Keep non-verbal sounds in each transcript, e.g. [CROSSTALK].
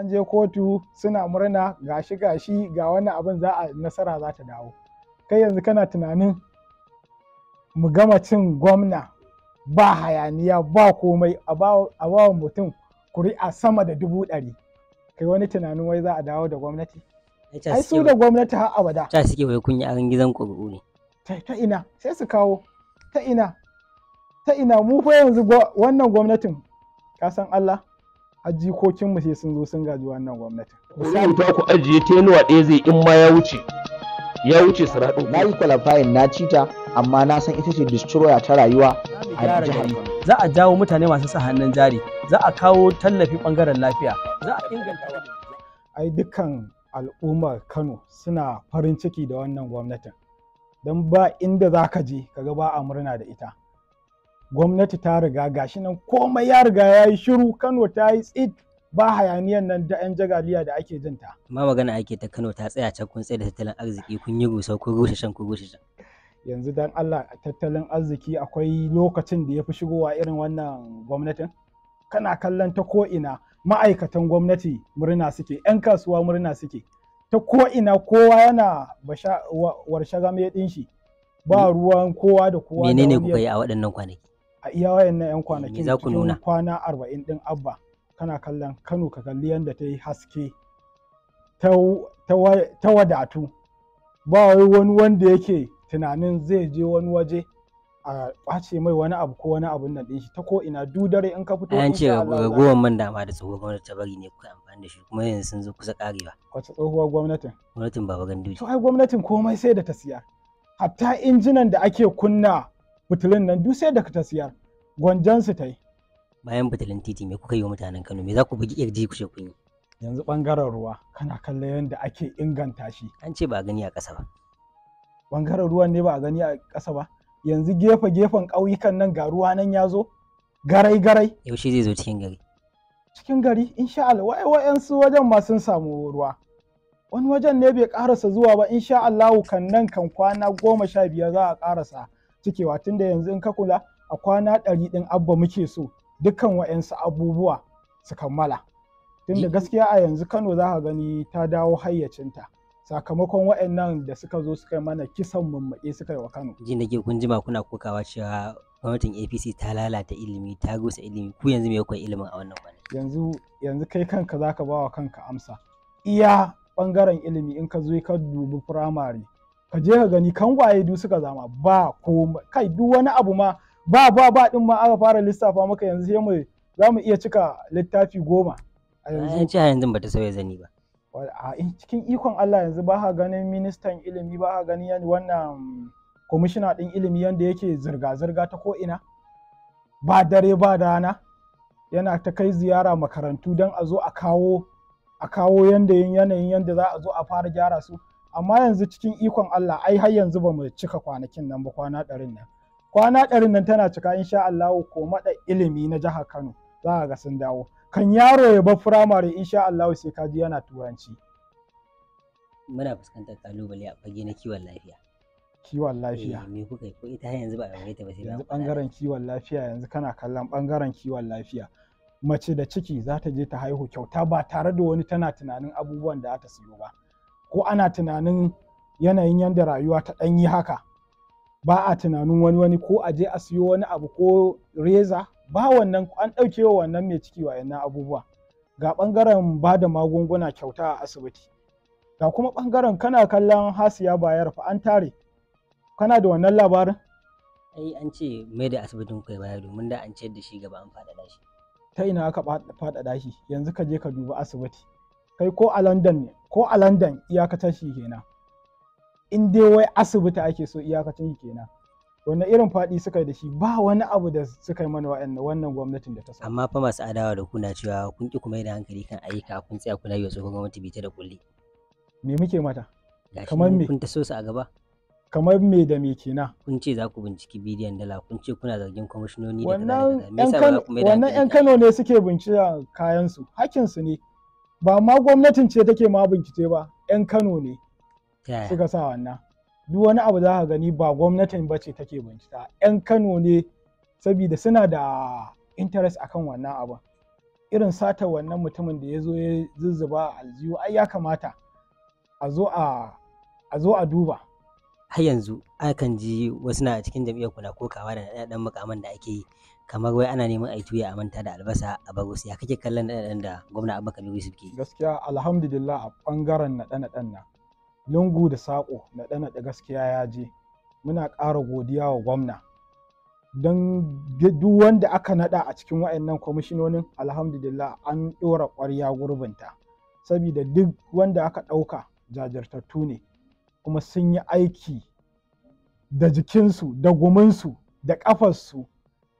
an je kotu suna murna gashi gashi ga wani abin za a nasara za ta dawo kai yanzu kana tunanin mu gama cin gwamna ba hayaniya ba komai a bawa mutum kuri'a sama da dubu ɗari kai wani tunanin wai za a dawo da gwamnati ai su da gwamnati har abada ta suke wai kunya a gizan ƙuri'u ne ta ina sai su kawo ta ina ta ina mu fa yanzu wannan gwamnatin ka san Allah har jikokinmu sai sun zo sun gaji wannan gwamnati. Misali ta ku ajiye tenuwa ɗaya zai in ma ya wuce. Ya wuce siraɗin. Na yi qualifying na cita amma na san ita ce destroyer ta rayuwa a jihar. Za a jawo mutane masu sa hannun jari, za a kawo tallafi bangaren lafiya, za a inganta. Ai dukkan al'ummar Kano suna farin ciki da wannan gwamnatin. Don ba inda za ka je, kaga ba a murna da ita. gwamnati ta riga gashi nan komai ya riga ya yi shiru kano ta yi tsit ba hayaniyan nan da yan jagaliya da ake jin ta ma magana ake ta kano ta tsaya can kun tsaye da tattalin arziki kun yi gusa ko rushe shan ko rushe shan yanzu dan Allah tattalin arziki akwai lokacin da ya fi shigowa irin wannan gwamnatin kana kallon ta ko ina ma'aikatan gwamnati murna suke 'yan kasuwa murna suke ta ko ina kowa yana warshe game din shi ba ruwan kowa da kowa menene kuka yi a waɗannan kwanaki a iya wayannan yan eh, kwanakin cikin kwana arba'in din abba kana kallon kano ka kalli yadda ta yi haske ta wadatu ba wai wani wanda yake tunanin zai je wani waje a ɓace mai wani abu ko wani abun nan ɗin shi ta ko ina du dare in ka fito in ce ragowar man dama da tsohuwar gwamnati ta bari ne kuka amfani da shi kuma yanzu sun zo kusa karewa wace tsohuwar gwamnatin gwamnatin baba ganduji to ai gwamnatin komai sai da ta siya hatta injinan da ake kunna butulin nan duk sai da ka ta siyar gwanjan su ta yi bayan butulin titi me kuka yi wa mutanen Kano me za ku bugi irji ku kun yi yanzu bangaren ruwa kana kallon yadda ake inganta shi an ce ba a gani a ƙasa ba bangaren ruwan ne ba a gani a ƙasa ba yanzu gefe gefen ƙauyukan nan ga ruwa nan ya zo garai garai yaushe zai zo cikin gari cikin gari insha Allah wai wayansu wajen ma sun samu ruwa wani wajen ne bai karasa zuwa ba insha Allah kan nan kan kwana goma sha biyar za a karasa cikewa tunda yanzu in ka kula a kwana ɗari ɗin abba muke so dukkan wa'yansu abubuwa su kammala da gaskiya a yanzu kano za ka gani ta dawo hayyacinta sakamakon wayannan da suka zo suka yi mana kisan mummuɗe suka yi wa kano ji nake kun jima kuna kokawa cewa gwamnatin apc ta lalata ilimi ta gusa ilimi ku yanzu me kuwa ilimin a wannan wani. yanzu yanzu kai kanka zaka ba wa kanka amsa iya ɓangaren ilimi in ka zo ka dubi firamare ka je ka gani kangwaye duk suka zama ba ko kai duk wani abu ma ba ba ba din ma aka fara lissafa maka yanzu sai mu za mu iya cika littafi goma a yanzu ce yanzu ba ta sauya zani ba a cikin ikon Allah yanzu ba ka ganin ministan ilimi ba ka ganin wannan commissioner din ilimi yanda yake zirga-zirga ta ko ina ba dare ba rana yana ta kai ziyara makarantu don a zo a kawo a kawo yanda yanayin yanda za a zo a fara gyara su amma yanzu cikin ikon Allah ai har yanzu ba mu cika kwanakin nan ba kwana ɗarin nan kwana ɗarin nan tana cika in sha Allah ko maɗa ilimi na jihar Kano za ka ga sun dawo kan yaro ya bar firamare in sha Allah sai ka ji yana turanci muna fuskantar kalubale a fage na kiwon lafiya kiwon lafiya eh, me kuka ko ita yanzu ba a ta ba sai yanzu bangaren kiwon lafiya yanzu kana kallon bangaren kiwon lafiya mace da ciki za ta je ta haihu kyauta ba tare da wani tana tunanin abubuwan da za ta siyo ba ko ana tunanin yanayin yadda rayuwa ta ɗanyi haka ba a tunanin wani wani ko a je a siyo wani abu ko reza ba wannan an ɗauke wa wannan mai ciki wa yannan abubuwa ga ɓangaren ba da magunguna kyauta a asibiti ga kuma ɓangaren kana kallon hasiya bayar fa an tare kana da wannan labarin ai an ce mai da asibitin kai baya domin da an ce da shi gaba an faɗaɗa shi ta ina aka faɗaɗa shi yanzu ka je ka duba asibiti kai ko a london ne ko a london iyakatar shi kenan in dai wai asibiti ake so iyakacin shi kenan wanne irin faɗi suka yi da shi ba wani abu da suka yi mana wa'annan wannan gwamnatin da ta sa amma fa masu adawa da kuna cewa kun ki kuma da hankali kan ayyuka kun tsaya kuna yi wa tsohon gwamnati bita da kulli me muke mata kamar me kun ta so su a gaba kamar me da me kenan kun ce za ku binciki bidiyon dala kun ce kuna zargin kwamishinoni da wannan yan kano ne suke bincika kayan su hakkin su ne ba ma gwamnatin ce take ma bincike ba 'yan kano ne suka sa wannan duk wani abu za ka gani ba gwamnatin ba ce take bincika 'yan kano ne saboda suna da interest akan wannan abu irin sata wannan mutumin da ya zo ya zuzzuba aljihu ai ya kamata a zo a zo a duba har yanzu akan ji wasu na cikin jam'iyyar kuna kokawa da ɗan mukaman da ake yi kamar wai ana neman ai tuya a manta da albasa a bagus ya kake kallon naɗe da gwamna abubakar yusuf ke gaskiya alhamdulillah a ɓangaren naɗe-naɗen nan lungu da saƙo naɗe-naɗe gaskiya ya je muna ƙara godiya wa gwamna don duk wanda aka naɗa a cikin waɗannan kwamishinonin alhamdulillah an ɗora ƙwarya gurbinta saboda duk wanda aka ɗauka jajirtattu ne kuma sun yi aiki da jikinsu da guminsu da ƙafarsu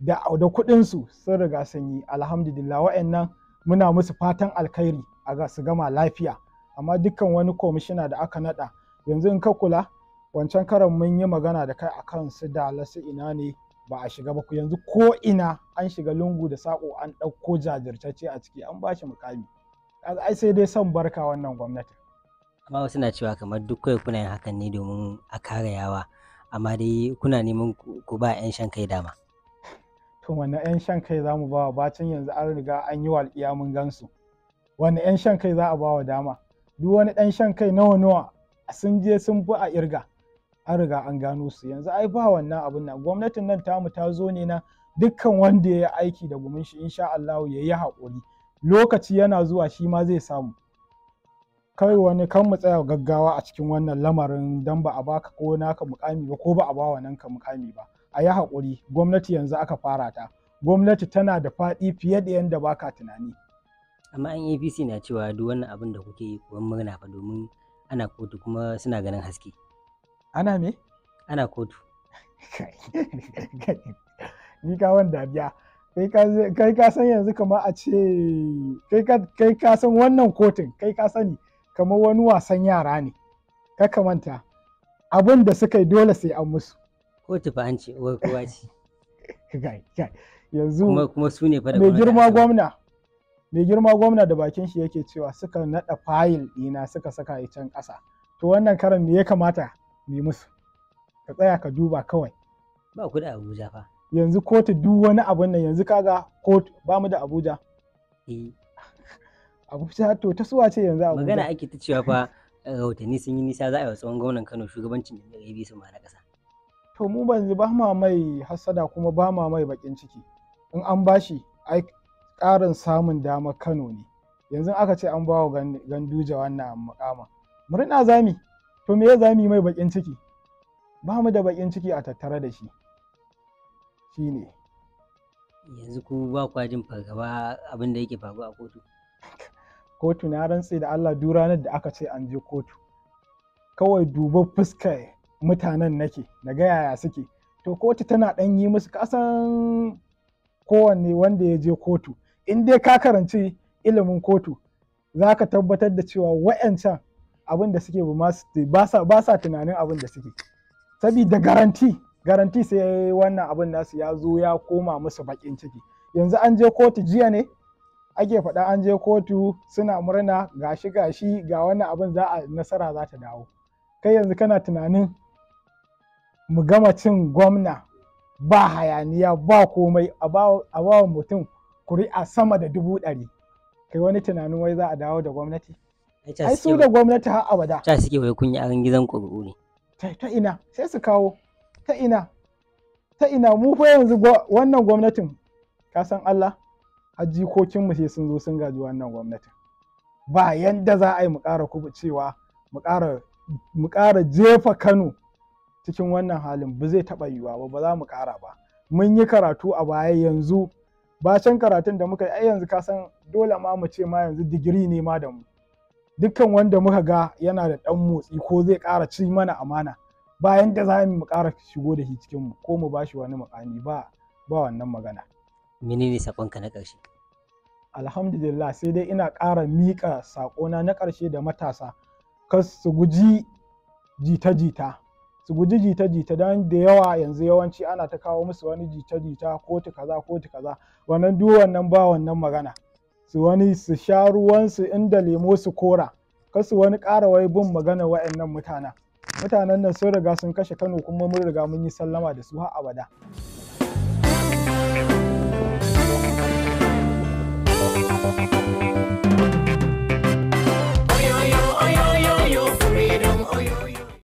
da da kuɗin su sun riga sun yi alhamdulillah wa'annan muna musu fatan alkhairi a ga su gama lafiya amma dukkan wani komishina da aka nada yanzu in ka kula wancan karan mun yi magana da kai akan su da lasu ina ne ba a shiga ba ku. yanzu ko ina an shiga lungu da sako an ɗauko jajirtacce a ciki an ba shi mukami ai sai dai son barka wannan gwamnati amma wasu na cewa kamar duk kawai kuna yin hakan ne domin a kare yawa amma dai kuna neman ku ba 'yan shan kai dama shin wani 'yan shan kai za mu ba wa bacin yanzu an riga an yi walƙiya mun gansu wani 'yan shan kai za a bawa dama duk wani ɗan shan kai nawa nawa sun je sun bi a irga an riga an gano su yanzu ai ba wannan abin nan gwamnatin nan tamu ta zo ne na dukkan wanda ya yi aiki da gumin shi insha Allah ya yi haƙuri lokaci yana zuwa shi ma zai samu kai wani kan mu tsaya gaggawa a cikin wannan lamarin dan ba a baka ko naka mukami ba ko ba a ba wa nanka mukami ba a yi haƙuri gwamnati yanzu aka fara ta gwamnati tana da faɗi fiye da yadda ba ka tunani amma an apc na cewa duk wannan abin da kuke kuwan murna fa domin ana kotu kuma suna ganin haske ana me ana kotu [LAUGHS] ni ka wani dariya kai ka san yanzu kamar a ce kai ka san wannan kotun kai ka sani kamar wani wasan yara ne ka kamanta abin da suka yi dole sai an musu ko tufa an ce uwar kowa ce [LAUGHS] yanzu kuma su ne fa da mai girma gwamna mai girma gwamna da bakin shi yake cewa suka nada fayil dina suka saka a can ƙasa to wannan karan me ya kamata mu musu ka tsaya ka duba kawai ba ku da Abuja fa yanzu kotu duk wani abun nan yanzu kaga kotu ba mu da Abuja eh [LAUGHS] Abuja to ta suwa ce yanzu Abuja magana ake ta cewa fa rahotanni sun yi nisa za a yi wa tsohon gwamnan Kano shugabancin da ya bi su ma na ƙasa to mu banzu ba ma mai hasada kuma ba ma mai bakin ciki in an bashi ai ƙarin samun dama Kano ne yanzu aka ce an bawa ganduja wannan mukama murna zami to me ya zami mai bakin ciki ba mu da bakin ciki a tattare da shi shine yanzu ku ba kwa jin fargaba abin da yake faru a kotu [LAUGHS] kotu na rantse da Allah duk ranar da aka ce an je kotu kawai duba fuska mutanen nake na ga yaya suke to kotu tana ɗan yi musu kasan kowanne wanda ya je kotu in dai ka karanci ilimin kotu za ka tabbatar da cewa wa'yancan abin da suke ba sa tunanin abin da suke sabida garanti garanti sai wannan abin nasu ya zo ya koma musu bakin ciki yanzu an je kotu jiya ne ake faɗa an je kotu suna murna gashi gashi ga wannan abin za a nasara za ta dawo kai yanzu kana tunanin mu gama cin gwamna ba hayaniya ba komai a bawa mutum kuri'a sama da dubu ɗari kai wani tunanin wai za a dawo da gwamnati ai su da gwamnati har abada ta suke wai kun yi aran gizan ƙuri'u ne ta ina sai su kawo ta ina ta ina mu fa yanzu wannan gwamnatin ka san Allah har mu sai sun zo sun gaji wannan gwamnatin ba yanda za a yi mu ƙara kubucewa mu ƙara jefa Kano cikin wannan halin ba zai taɓa yiwuwa ba ba za mu ƙara ba mun yi karatu a baya yanzu bacin karatun da muka yi ai yanzu ka san dole ma mu ce ma yanzu digiri ne ma da mu dukkan wanda muka ga yana da ɗan motsi ko zai ƙara ci mana amana bayan da za mu ƙara shigo da shi cikin mu ko mu ba shi wani mukami ba ba wannan magana menene sakonka na ƙarshe alhamdulillah sai dai ina ƙara miƙa saƙona na ƙarshe da matasa kas su guji jita-jita su guji jita-jita don da yawa yanzu yawanci ana ta kawo musu wani jita-jita ko ta kaza ko ta kaza wannan duk wannan ba wannan magana su wani su sha ruwansu inda lemo su kora Ka su wani ƙara wai bin magana wa'annan mutanen mutanen nan sun riga sun kashe kano kuma mun riga mun yi sallama da su har abada